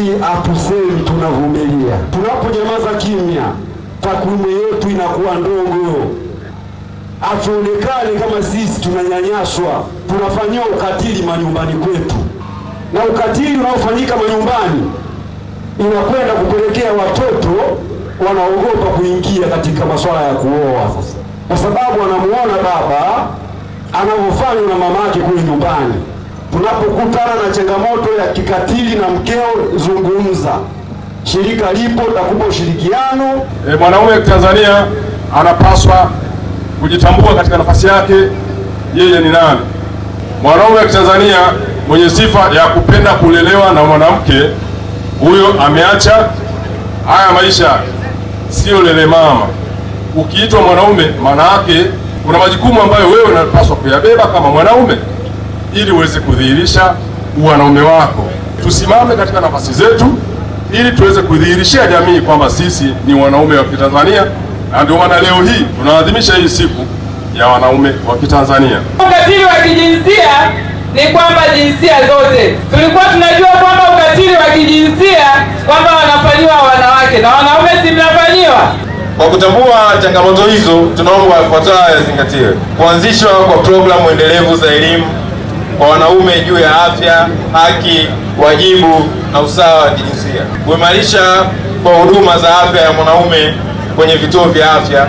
Mungu hatusemi, tunavumilia. Tunaponyamaza kimya, takwimu yetu inakuwa ndogo, hatuonekane kama sisi tunanyanyaswa, tunafanyiwa ukatili manyumbani kwetu, na ukatili unaofanyika manyumbani inakwenda kupelekea watoto wanaogopa kuingia katika masuala ya kuoa, sasa kwa sababu wanamuona baba anavyofanywa na mamake kule nyumbani. Tunapokutana na changamoto ya kikatili na mkeo, zungumza. Shirika lipo, takupa ushirikiano. E, mwanaume Tanzania anapaswa kujitambua katika nafasi yake, yeye ni nani. Mwanaume wa Tanzania mwenye sifa ya kupenda kulelewa na mwanamke huyo ameacha haya maisha, sio lele mama. Ukiitwa mwanaume, maana yake kuna majukumu ambayo wewe unapaswa kuyabeba kama mwanaume ili uweze kudhihirisha wanaume wako. Tusimame katika nafasi zetu ili tuweze kudhihirishia jamii kwamba sisi ni wanaume wa Kitanzania, na ndio maana leo hii tunaadhimisha hii siku ya wanaume wa Kitanzania. Ukatili wa kijinsia ni kwamba jinsia zote, tulikuwa tunajua kwamba ukatili wa kijinsia kwamba wanafanyiwa wanawake na wanaume, si mnafanyiwa. Kwa kutambua changamoto hizo, tunaomba yafuatayo yazingatiwe: kuanzishwa kwa programu endelevu za elimu kwa wanaume juu ya afya, haki, wajibu na usawa wa kijinsia, kuimarisha kwa huduma za afya ya mwanaume kwenye vituo vya afya,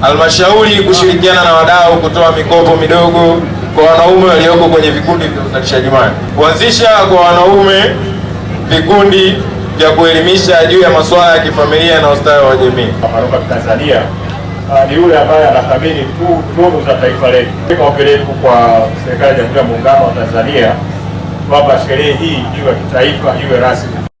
halmashauri kushirikiana na wadau kutoa mikopo midogo kwa wanaume walioko kwenye vikundi vya uzalishaji mali, kuanzisha kwa wanaume vikundi vya kuelimisha juu ya masuala ya kifamilia na ustawi wa jamii. Tanzania Ah, ni yule ambaye anathamini tu tunu za taifa letu. Maombi letu kwa serikali ya Jamhuri ya Muungano wa Tanzania kwamba sherehe hii iwe kitaifa, iwe rasmi.